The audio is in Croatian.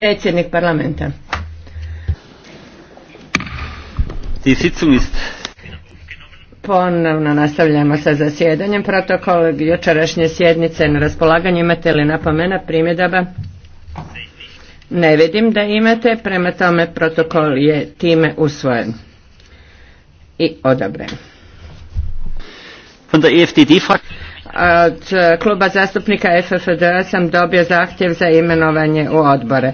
predsjednik parlamenta. Ponovno nastavljamo sa zasjedanjem. Protokol jučerašnje sjednice na raspolaganju imate li napomena primjedaba? Ne vidim da imate, prema tome protokol je time usvojen i odobren. E od e, kluba zastupnika FFD sam dobio zahtjev za imenovanje u odbore.